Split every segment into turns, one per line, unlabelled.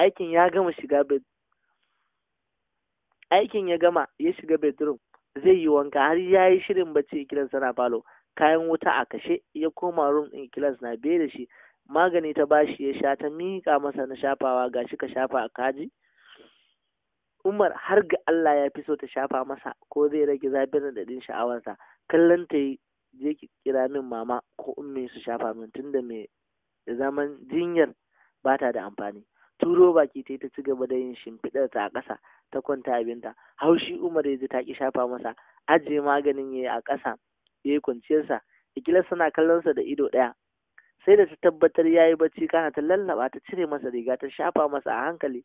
aikin ya gama shiga bed aikin ya gama ya shiga bedroom zai yi wanka har ya yi shirin bacci ikilas tana falo kayan wuta a kashe ya koma room din ikilas na biye da shi magani ta bashi ya sha ta miƙa masa na shafawa ga shi ka shafa a kaji Umar har ga Allah ya fi so ta shafa masa ko zai rage zafin radadin sha'awarsa kallon ta yi je ki kira min mama ko ummi su shafa min tunda mai zaman jinyar bata da amfani turo baki ta yi ta ci gaba da yin shimfiɗar ta a ƙasa ta kwanta abinta haushi umar ya ji ta ki shafa masa ajiye maganin ya yi a ƙasa ya yi kwanciyarsa ikilar suna kallonsa da ido ɗaya sai da ta tabbatar ya yi bacci kana ta lallaba ta cire masa riga ta shafa masa a hankali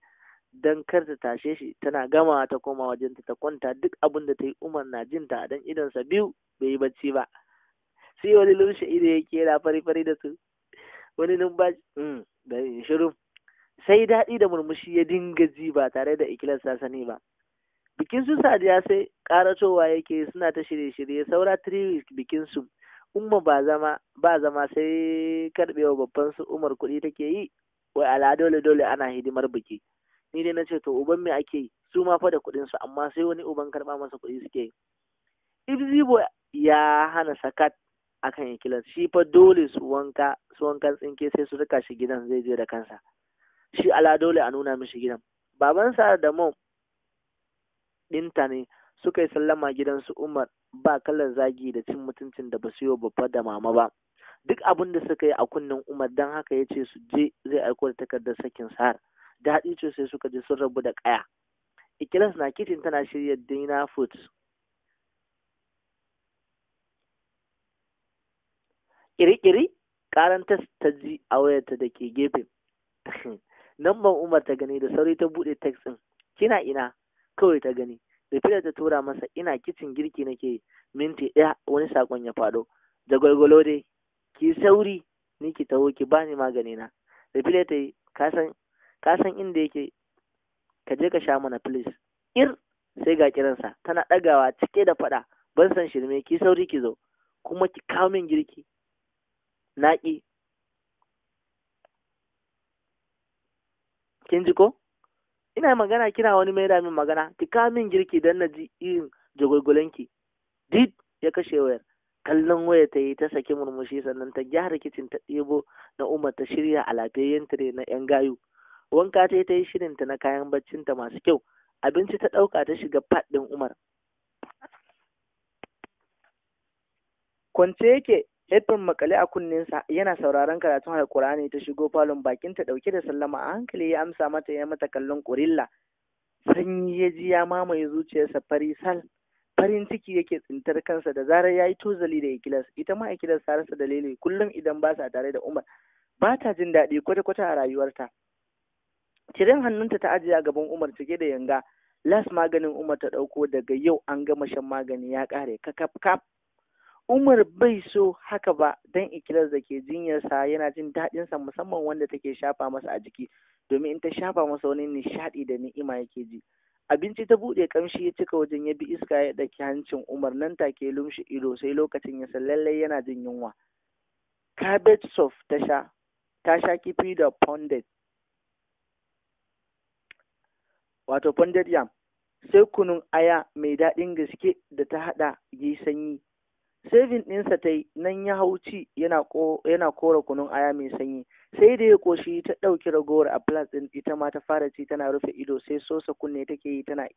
don kar ta tashe shi tana gama ta koma wajenta ta kwanta duk abin da ta yi umar na jinta don idonsa biyu bai yi bacci ba sai wani lunshi ido ya kera fari-fari da su wani numfashi da hmm, shirin sai daɗi da murmushi ya dinga ji ba tare da ikilar sani ba bikin su sadiya sai ƙaratowa yake suna ta shirye-shirye saura three bikin su umma ba zama ba zama sai karbewa babban su umar kuɗi take yi wai ala dole dole ana hidimar biki ni dai na ce to uban me ake yi su ma fa da kuɗin su amma sai wani uban karɓa masa kuɗi suke yi ya hana sakat akan ikilas shi fa dole su wanka su wankan tsinke sai su rika shi gidan zai je da kansa shi ala dole a nuna mishi gidan Baban babansa da mom ɗinta ne suka yi sallama su umar ba kalar zagi da cin mutuncin da ba su yi babba da mama ba duk abin da suka yi a kunnen umar don haka ya ce su je zai aiko da takardar sakin sahar da haɗi ce sai suka je sun rabu da ƙaya ikilas na kicin tana shirya dina food ƙiri-ƙiri ta ji a wayarta da ke gefe namban umar ta gani da sauri ta buɗe text ɗin kina ina kawai ta gani da fira ta tura masa ina kicin girki nake minti ɗaya wani sakon ya faɗo da gwalgwalo dai ki sauri ni ki taho ki bani magani na da fira ta yi ka san inda yake ka je ka sha mana please ir sai ga kiransa tana ɗagawa cike da faɗa ban san shirme ki sauri ki zo kuma ki kawo min girki Naki. kin ji ko ina magana kina wani mai min magana ki ka min girki dan na ji irin ki did ya kashe wayar kallon waya ta yi ta saki murmushi sannan ta gyara kicin ta ɗebo na umar ta shirya a lafiyayyen tire na yan gayu wanka ta yi ta yi shirinta na kayan baccin ta masu kyau abinci ta ɗauka ta shiga faɗin umar kwance yake Edmund makale a kunnen sa, yana sauraron karatun alkur'ani ta shigo falon bakin ta dauke da sallama a hankali ya amsa mata ya mata kallon kurilla sanyi ya ji ya mamaye zuciyarsa fari sal farin ciki yake tsintar kansa da zarar ya yi tozali da ikilas ita ma ikilas ta rasa dalili kullum idan ba sa tare da umar ba ta jin daɗi kwata-kwata a rayuwarta cirin hannunta ta ajiye a gaban umar cike da yanga las maganin umar ta ɗauko daga yau an gama shan magani ya ƙare kakaf kaf Umar bai so haka ba don ikilar da ke jinyarsa yana jin daɗinsa musamman wanda take shafa masa a jiki domin in ta shafa masa wani nishaɗi da ni'ima yake ji. Abinci ta buɗe kamshi ya cika wajen ya bi iska ya ɗaki hancin Umar nan take lumshi ido sai lokacin ya san lallai yana jin yunwa. Cabbage soft ta sha, ta sha kifi da pounded. Wato pounded yam, sai kunun aya mai daɗin gaske da ta haɗa yi sanyi Sevin ɗinsa ta yi nan ya hau ci yana kora kunun aya mai sanyi. Sai da ya koshi ta ɗauki ragowar a plus ɗin ita ma ta fara ci tana rufe ido sai sosa kunne take yi tana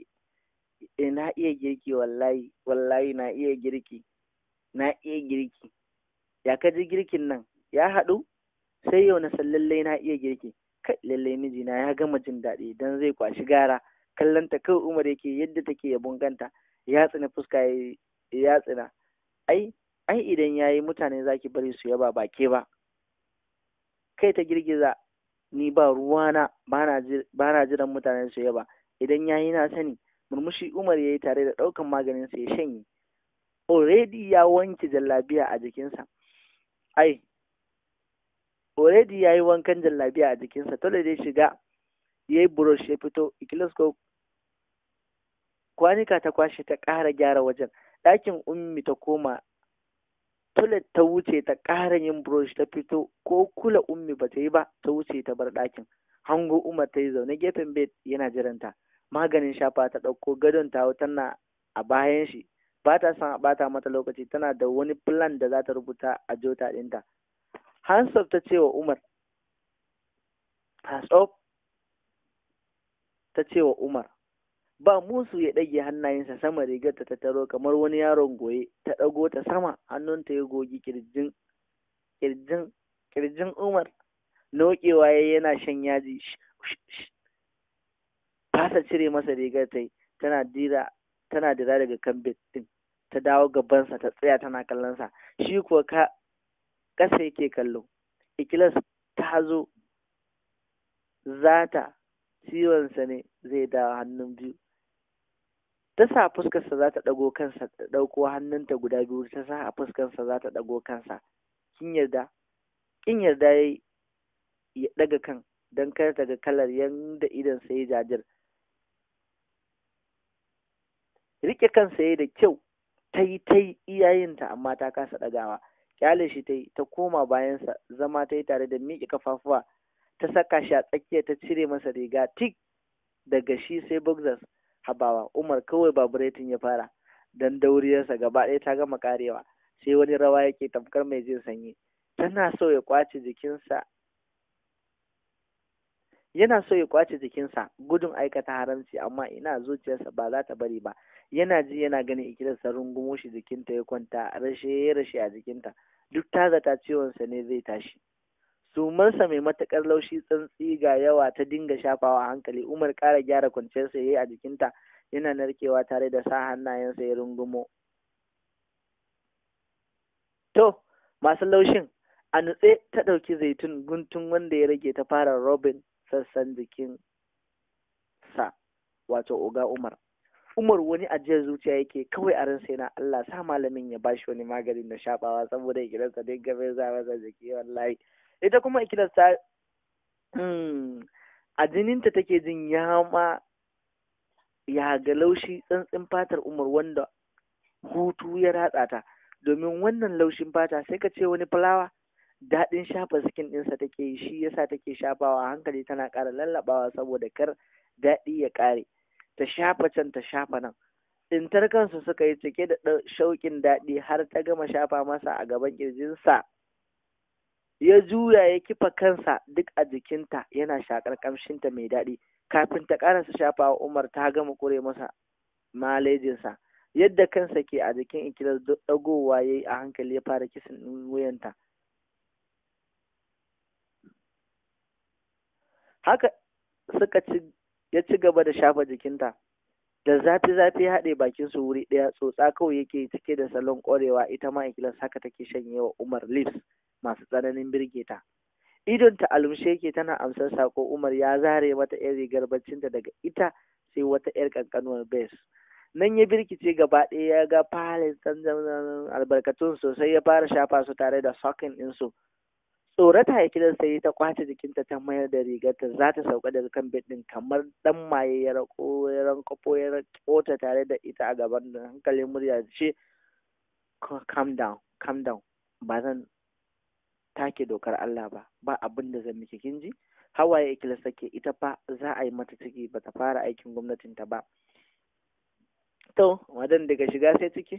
eh, na iya girki wallahi wallahi na iya girki na iya girki ya ka girkin nan ya haɗu sai yau na san lallai na iya girki kai lallai mijina ya gama jin daɗi dan zai kwashi gara kallon kai umar yake yadda take yabon ganta ya tsina fuska ya tsina ai ai idan yayi mutane zaki bari su yaba ba ba kai ta girgiza ni ba ruwana ba na jiran mutane su yaba idan yayi na sani murmushi umar yayi tare da ɗaukan maganin sa ya shanye already ya wanke jallabiya a jikinsa ai already ya yi wankan jallabiya a jikinsa tole dai shiga ya yi burosh ya fito ikilasko kwanika ta kwashe ta kara gyara wajen ɗakin ummi ta koma tulet ta wuce ta ƙara yin brush ta fito ko kula ummi ba ta yi ba ta wuce ta bar ɗakin hango umar ta yi zaune gefen bed yana jiranta maganin shafa ta ɗauko gadon ta tana a bayan shi ba ta san ba ɓata mata lokaci tana da wani plan da za ta rubuta a jota ɗinta hansop ta ce wa umar hansop ta ce wa umar ba musu ya ɗage hannayensa sama rigar ta taro kamar wani yaron goye ta ɗago ta sama hannunta ya gogi kirjin kirjin kirjin umar nokewa ya yana shan yaji fasa cire masa rigar ta tana dira tana daga kan din ta dawo gabansa ta tsaya tana kallonsa shi kuwa ka ƙasa yake kallo ikilas ta zo zata ciwonsa ne zai dawo hannun biyu ta sa fuskarsa za ta ɗago kansa ta ɗauko hannunta guda biyu ta sa a fuskarsa za ta ɗago kansa kin yarda kin yarda ya ɗaga kan don kar ta ga kalar yanda idan sai jajir rike kansa ya da kyau ta yi ta yi iyayenta amma ta kasa ɗagawa kyale shi ta yi ta koma bayansa zama ta yi tare da miƙe kafafuwa ta saka shi a tsakiya ta cire masa riga tik daga shi sai boxers habawa umar kawai baburetin ya fara dan dauriyarsa gaba ɗaya ta gama karewa sai wani rawa yake tamkar mai jin sanyi tana so ya kwace jikinsa yana so ya kwace jikinsa gudun aikata haramci amma ina zuciyarsa ba za ta bari ba yana ji yana ganin ikilarsa rungumo shi jikinta ya kwanta rashe rashe a jikinta duk ta zata ciwonsa ne zai tashi sumarsa mai matakar laushi tsantsi ga yawa ta dinga shafawa hankali umar kara gyara kwanciyarsa ya yi a jikinta yana narkewa tare da sa hannayensa ya rungumo to masu laushin a nutse ta ɗauki zaitun guntun wanda ya rage ta fara robin sassan jikin sa wato oga umar umar wani ajiyar zuciya yake kawai a ransa yana Allah sa malamin ya bashi wani maganin na shabawa saboda ikilarsa duk gabe za masa jiki wallahi ita kuma ikilarsa hmm, a jininta take jin ma ya ga laushi tsantsin fatar umar wanda hutu ya ratsa ta domin wannan laushin fata sai ka ce wani fulawa daɗin shafa sikin ɗinsa take shi yasa take shafawa hankali tana ƙara lallaɓawa saboda kar daɗi ya ƙare ta shafa can ta shafa nan tsintar kansu suka yi cike da shauƙin daɗi har ta gama shafa masa a gaban ƙirjinsa ya juya ya kifa kansa duk a jikinta yana shakar ƙamshinta mai daɗi kafin ta ƙarasa shafa wa umar ta gama kure masa malejinsa yadda kansa ke a jikin ikilar dagowa ya yi a hankali ya fara kisan wuyanta haka suka ci ya ci gaba da shafa jikinta da zafi zafi ya haɗe bakin su wuri ɗaya tsotsa kawai yake cike da salon ƙwarewa ita ma haka take shanye wa umar lips masu tsananin birge ta idon ta alumshe yake tana amsar sako umar ya zare mata yan rigar baccinta daga ita sai wata yar kankanuwar bes nan ya birkice gaba ɗaya ya ga palace albarkatun sosai ya fara shafa su tare da sokin ɗinsu tsorata ya kidan sai ta kwace jikinta ta mayar da rigarta za ta sauka daga kan bed din kamar dan maye ya rako ya ko ya rakota tare da ita a gaban da hankalin murya ce calm down calm down ba zan take dokar Allah ba ba abin da zan miki kin ji hawaye ikilas take ita fa za a yi mata ciki ba ta fara aikin gwamnatin ta ba to wadan daga shiga sai ciki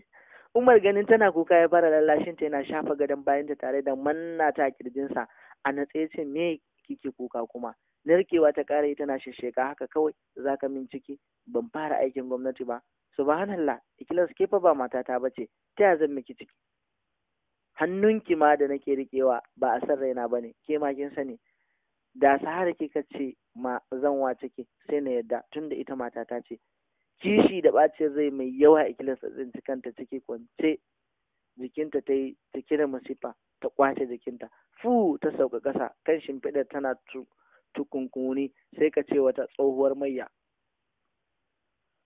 Umar ganin tana kuka ya fara lallashin ta yana shafa gadon bayan ta tare da manna ta kirjinsa a natsaye ce me kike kuka kuma narkewa ta kare tana shisheka haka kawai za ka min ciki ban fara aikin gwamnati ba subhanallah ikilas ke fa ba matata bace ta ya zan miki ciki hannunki ma da nake rikewa ba a san raina ba ne. ke ma kin sani da sahara kika ce ma zan wace ki sai na yadda tunda ita matata ce kishi da bacin rai mai yawa a ikilas ci kanta ciki kwance jikinta ta yi cike da masifa ta kwace jikinta fu ta sauka ƙasa kan shimfiɗar tana tukunkuni sai ka ce wata tsohuwar mayya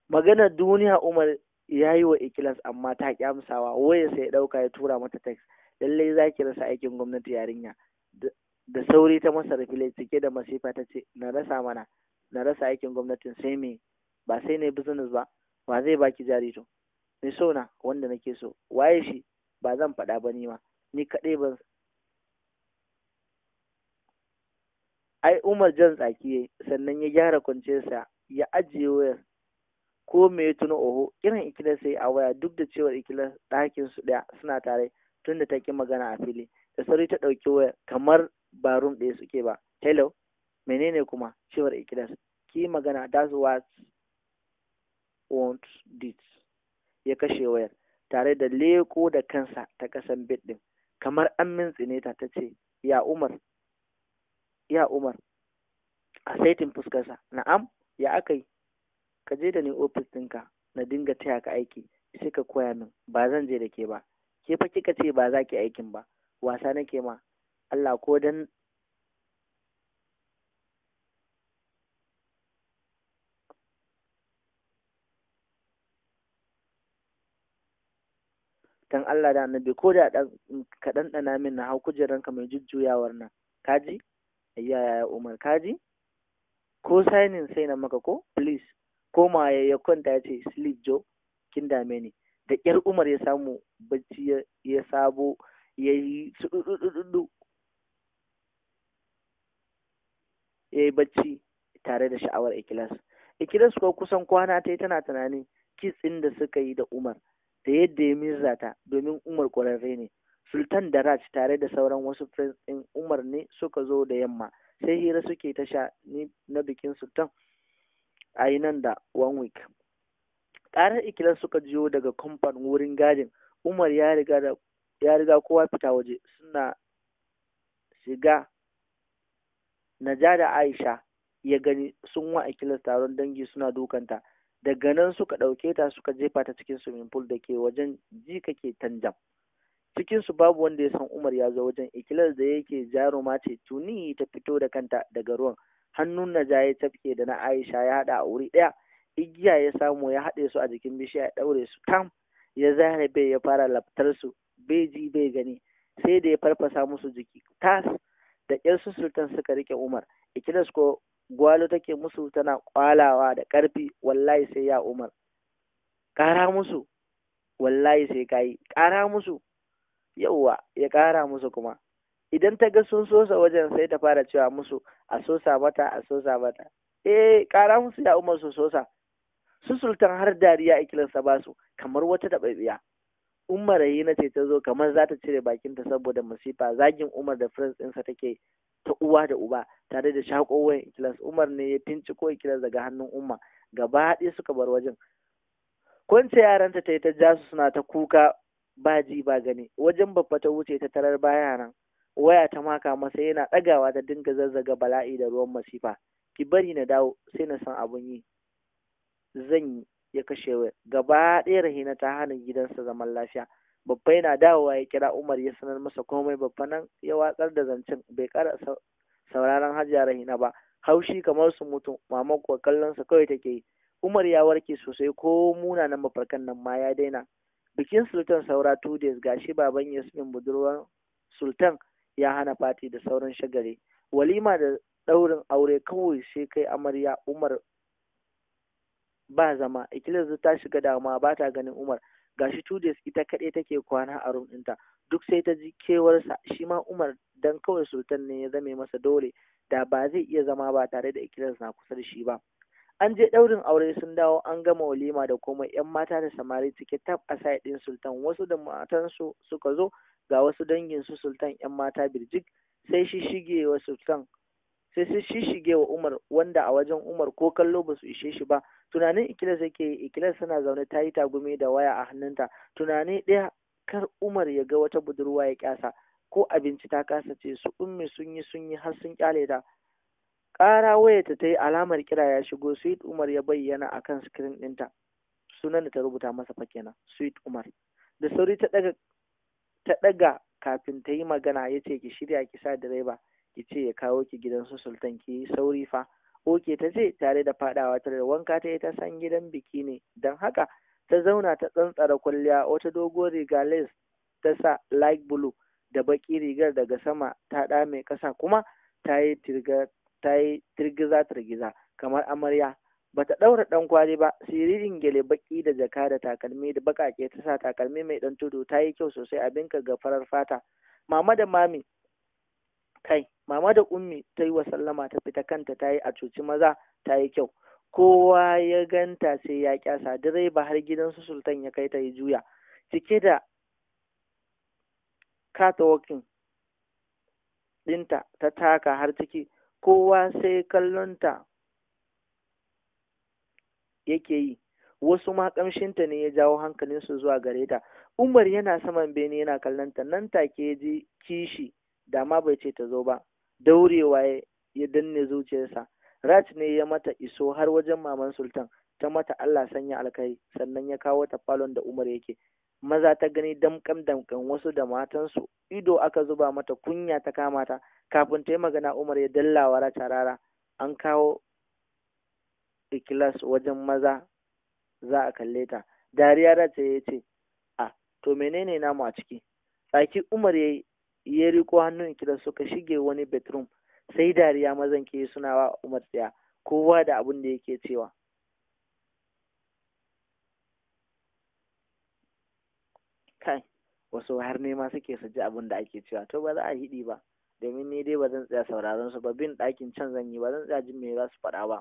maganar duniya umar ya yi wa ikilas amma ta kyamsawa, waya sai ɗauka ya tura mata text lallai za ki rasa aikin gwamnati yarinya da sauri ta masa rufile cike da masifa ta ce na rasa mana na rasa aikin gwamnatin sai me ba sai na yi business ba wa zai baki jari to mai so na wanda nake so waye shi ba zan faɗa ba ni ma ni kaɗai ban ai umar jan tsaki yayi sannan ya gyara kwanciyarsa ya ajiye wayar ko me ya tuno oho irin ikilar sai a waya duk da cewar ikilar ɗakin su ɗaya suna tare Tunda da ta ki magana a fili da sauri ta ɗauki waya kamar ba rum ɗaya suke ba hello menene kuma cewar ikilas ki magana that's want ya kashe wayar tare da leko da kansa ta kasan bit din kamar an Tsineta ta ta ce ya umar ya umar a saitin fuskarsa na'am ya aka yi ka je da ni ofis ɗinka na dinga taya ka aiki sai ka koya min ba zan je da ke ba ke fa kika ce ba za ki aikin ba wasa nake ma Allah ko dan dan Allah da annabi ko da ka ɗanɗana min na hau kujeranka mai jujjuyawar nan kaji ayya yaya umar kaji ko signing sai na maka ko please ko ma ya kwanta ya ce sleep jo kin dame ni da ƙyar umar ya samu bacci ya sabo ya yi ya yi bacci tare da sha'awar ikilas ikilas ko kusan kwana ta yi tana tunani kitsin da suka yi da umar da yadda ya mirzata domin Umar ƙwararre ne. Sultan da Raj tare da sauran wasu firins ɗin Umar ne suka zo da yamma sai hira suke ta sha na bikin Sultan a yi nan da one week. Ƙarar ikilar suka jiyo daga kamfan wurin gadin Umar ya riga kowa fita waje suna shiga Naja da Aisha ya gani sun wa ikilar taron dangi suna dukanta daga nan suka ɗauke ta suka jefa ta cikin swimming pool da ke wajen ji kake tanjam cikin su babu wanda ya san Umar ya zo wajen ikilas da yake jaruma ce tuni ta fito da kanta daga ruwan hannun na ya tafke da na Aisha ya haɗa a wuri ɗaya igiya ya samu ya haɗe su a jikin bishiya ya ɗaure su tam ya zare bai ya fara laftar su bai ji bai gani sai da ya farfasa musu jiki tas da ƴan sultan suka rike Umar ikilas ko gwalo take musu tana kwalawa da ƙarfi wallahi sai ya umar
ƙara musu
wallahi sai kayi ƙara musu yauwa ya ƙara musu kuma idan ta ga sun sosa wajen sai ta fara cewa musu a sosa mata a sosa mata eh ƙara musu ya umar su sosa su sultan har dariya ikilarsa ba su kamar wata taɓaiɓiya Umar marayi na ce ta zo kamar za ta cire bakinta saboda masifa zagin umar da friends ɗinsa take ta uwa da uba tare da shakowar ikilas umar ne ya tinciko ikilas daga hannun umma gaba haɗe suka bar wajen kwance yaranta ta yi ta jasu suna ta kuka ba ji ba gani wajen babba ta wuce ta tarar baya nan waya ta maka masa yana ɗagawa ta dinga zazzaga bala'i da ruwan masifa ki bari na dawo sai na san abun yi zan yi ya kashe gaba ɗaya rahina ta hana gidansa zaman lafiya babba yana dawowa ya kira umar ya sanar masa komai babba nan ya watsar da zancen bai kara sauraron hajiya rahina ba haushi kamar su mutu mamar kuwa kallonsa kawai take yi umar ya warke sosai ko munanan mafarkan nan ma ya daina bikin sultan saura two days gashi baban yasmin budurwar sultan ya hana fati da sauran shagare walima da ɗaurin aure kawai sai kai amarya umar ba zama ikilas ta shiga damuwa ba ta ganin umar gashi two days ita kaɗai take kwana a room ɗinta duk sai ta ji kewarsa shi ma umar dan kawai sultan ne ya zame masa dole da ba zai iya zama ba tare da ikilas na kusa da shi ba an je ɗaurin aure sun dawo an gama walima da komai yan mata da samari cike tab a side ɗin sultan wasu da matansu suka zo ga wasu dangin su sultan yan mata birjik sai shi shige wa sultan sai su shishige wa Umar wanda a wajen Umar ko kallo ba su ishe shi ba tunanin ikilas yake yi ikilas tana zaune ta yi tagumi da waya a hannunta tunani ɗaya kar Umar ya ga wata budurwa ya kyasa ko abinci ta kasa ce su ummi sun yi sun yi har sun kyale ta ƙara wayarta ta yi alamar kira ya shigo sweet Umar ya bayyana akan screen ɗinta sunan da ta rubuta masa fa kenan sweet Umar da sauri ta ɗaga ta ɗaga kafin ta yi magana ya ce ki shirya ki sa direba ki ce ya kawo ki gidan su sultan ki sauri fa oke ta ce tare da fadawa tare da wanka ta yi ta san gidan biki ne don haka ta zauna ta tsantsara kwalliya wata dogon riga lace ta sa light blue da baki rigar daga sama ta mai ƙasa kuma ta yi tirgiza tirgiza kamar amarya bata ɗaura ɗan kwari ba siririn gele baki da jaka da takalmi da bakake ta sa takalmi mai ɗan tudu ta yi kyau sosai abinka ga farar fata mama da mami kai mama da ummi ta yi wa sallama ta fita kanta ta yi a cuci maza ta yi kyau kowa ya ganta sai ya kyasa direba har gidansu sultan ya kai ta yi juya cike da katawakin ɗinta ta taka har ciki kowa sai kallonta yake yi wasu ma kamshinta ne ya jawo hankalinsu zuwa gareta. umar yana saman bene yana kallonta nan take ji kishi da ma bai ce ta zo ba daurewa ya danne zuciyarsa raj ne ya mata iso har wajen maman sultan ta mata allah sanya alkai sannan ya kawo ta falon da umar yake maza ta gani damkan damkan wasu da matansu ido aka zuba mata kunya ta kama ta kafin ta yi magana umar ya dallawa rata rara an kawo ikilas wajen maza za a kalle ta dariya rata ya ce a ah, to menene namu a ciki tsaki umar ya yi ya ko hannun kiran suka shige wani bedroom sai dariya mazan ke suna wa umar tsaya kowa da abin da yake cewa kai wasu har nema suke su ji abin da ake cewa to ba za a hidi ba domin ni dai ba zan tsaya sauraron su ba bin ɗakin can zan yi ba zan tsaya jin me za su faɗa ba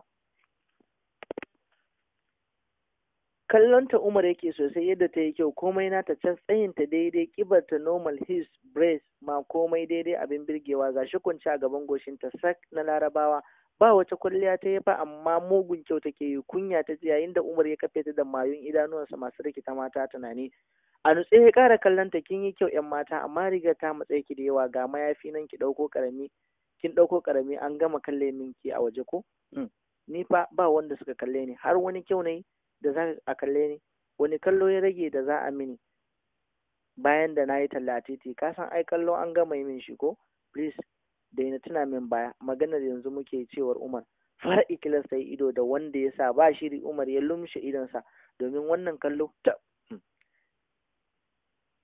kallon ta umar yake sosai yadda ta yi kyau komai na ta can tsayin daidai kibar ta normal his brace ma komai daidai abin birgewa ga kunci a gaban goshin ta sak na larabawa ba wata kwalliya ta fa, amma mugun kyau take yi kunya ta ji yayin da umar ya kafe ta da mayun idanuwansa masu rikita mata tunani a nutse ya kara kallon ta kin yi kyau yan mata amma rigar ta matsayi ki da yawa ga mayafi nan ki ɗauko karami kin ɗauko karami an gama kalle minki a waje ko hmm, ni fa ba wanda suka kalle ni har wani kyau na yi. da za a kalle ni wani kallo ya rage da za a mini bayan da na yi tallatiti ka san ai kallo an gama yi min shi ko please da na tuna min baya maganar yanzu muke cewar umar fara ikilas ta ido da wanda ya sa ba shiri umar ya lumshe idonsa domin wannan kallo ta hmm.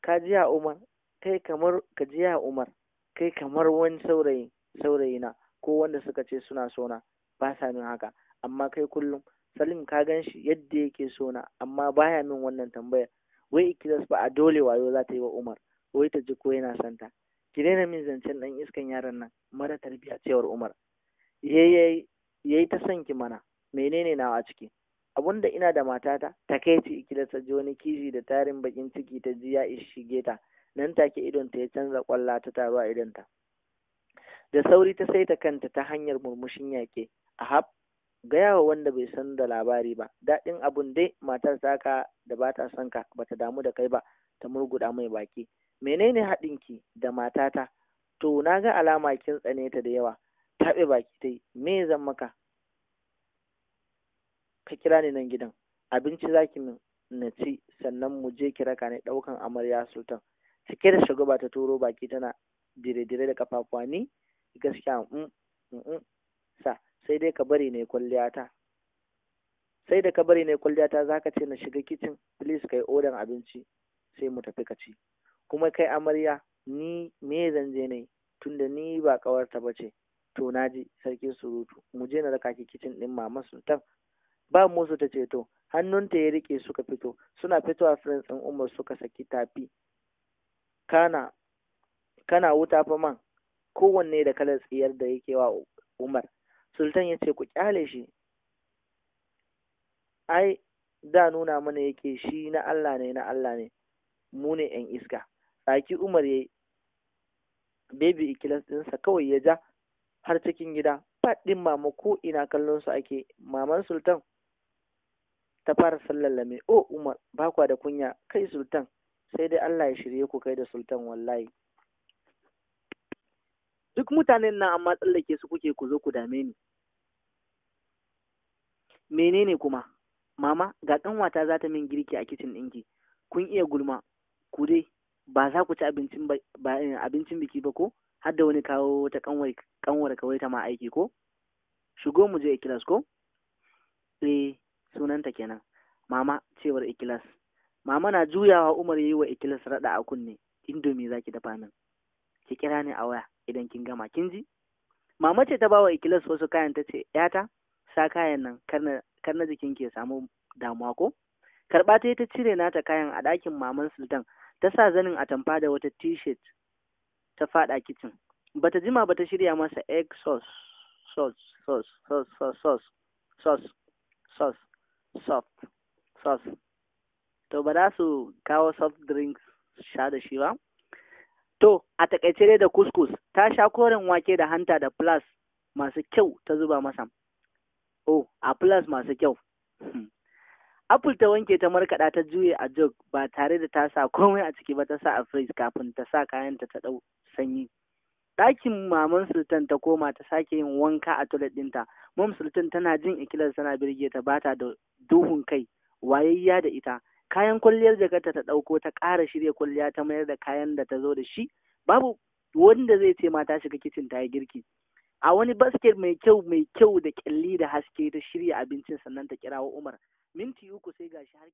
ka umar kai kamar ka umar kai kamar wani saurayi saurayi ko wanda suka ce suna sona ba sa min haka amma kai kullum salim ka gan shi yadda yake so na amma baya min wannan tambayar. wai ikilas ba a dole wayo za ta yi wa umar wai ta ji ko yana santa ki daina min zancen dan iskan yaran nan mara tarbiya cewar umar yayi yayi ta son ki mana menene nawa a ciki abunda ina da matata ta kai ci ikilas ta ji wani kishi da tarin bakin ciki ta ji ya ishige ta nan take ta ya canza kwalla ta taru a ta. da sauri ta saita kanta ta hanyar murmushin yake ahab gaya wa wanda bai san da labari ba daɗin abun dai matar taka da ba ta son ka ba ta damu da kai ba ta murguda mai baki menene haɗinki da matata to na ga alama kin tsane ta da yawa taɓe baki ta yi me zan maka ka kira ni nan gidan abinci za ki na ci sannan mu je kira ka ne ɗaukan amarya sultan cike da shugaba ta turo baki tana dire-dire da kafafuwa ni gaskiya mm, mm, mm, sa sai dai ka bari ne kwalliyata sai da ka bari ne kwalliyata za ka ce na shiga kicin please kai odan abinci sai mu tafi ka ci kuma kai amarya ni me zan je ne tunda ni ba kawarta ba ce to naji sarkin surutu mu je na raka ki kicin din mama sultan ba musu ta ce to hannunta ya rike suka fito suna fitowa friends din umar suka saki tafi kana kana wuta fa man kowanne da kalar tsiyar da yake wa umar sultan ya ce ku kyale shi ai da nuna mana yake shi na Allah ne na Allah ne mu ne ‘yan iska saki umar ya bebi ikilas ɗinsa kawai ya ja har cikin gida faɗin mama ko ina kallon su ake maman sultan ta fara sallallame o umar bakwa da kunya kai sultan sai dai Allah ya shirye ku kai da sultan wallahi duk mutanen nan amma tsallake su kuke ku zo ku dame ni menene kuma mama ga ƙanwata za ta min girki a kicin ɗinki kun iya gulma ku dai ba za ku ci abincin biki ba ko har da wani kawo ta kanwar kanwar kawai ta ma aiki ko shigo mu je ikilas ko eh sunanta kenan mama cewar ikilas mama na juyawa umar yayi wa ikilas rada a kunne indomi zaki dafa min ki kira ni a waya idan kin gama kin ji mama ce ta bawa ikilas wasu kayan ta ce yata sa kayan nan kar na jikin ke samu damuwa ko karɓa ta yi ta cire nata kayan a ɗakin maman sultan ta sa zanin atamfa da wata tishet ta faɗa kicin bata jima ba ta shirya masa egg sauce sauce sauce sauce to ba za su kawo soft drinks sha da shi ba to a takaice dai da kuskus, ta sha koren wake da hanta da plus masu kyau ta zuba masa oh a plus masu kyau hmm. apple ta wanke ta markaɗa ta juye a jog ba tare da ta sa komai a ciki ba ta sa a fridge kafin ta sa kayanta ta ɗau sanyi ɗakin maman sultan ta koma ta sake yin wanka a toilet ɗinta mom sultan tana jin ikilar tana birge ta bata da duhun kai wayayya da ita kayan kwalliyar jakarta ta ɗauko ta ƙara shirya kwalliya ta mayar da kayan da ta zo da shi babu wanda zai ce mata shiga kicin ta yi girki a wani basket mai kyau mai kyau da kyalli da haske ta shirya abincin sannan ta kirawo Umar minti uku sai gashi har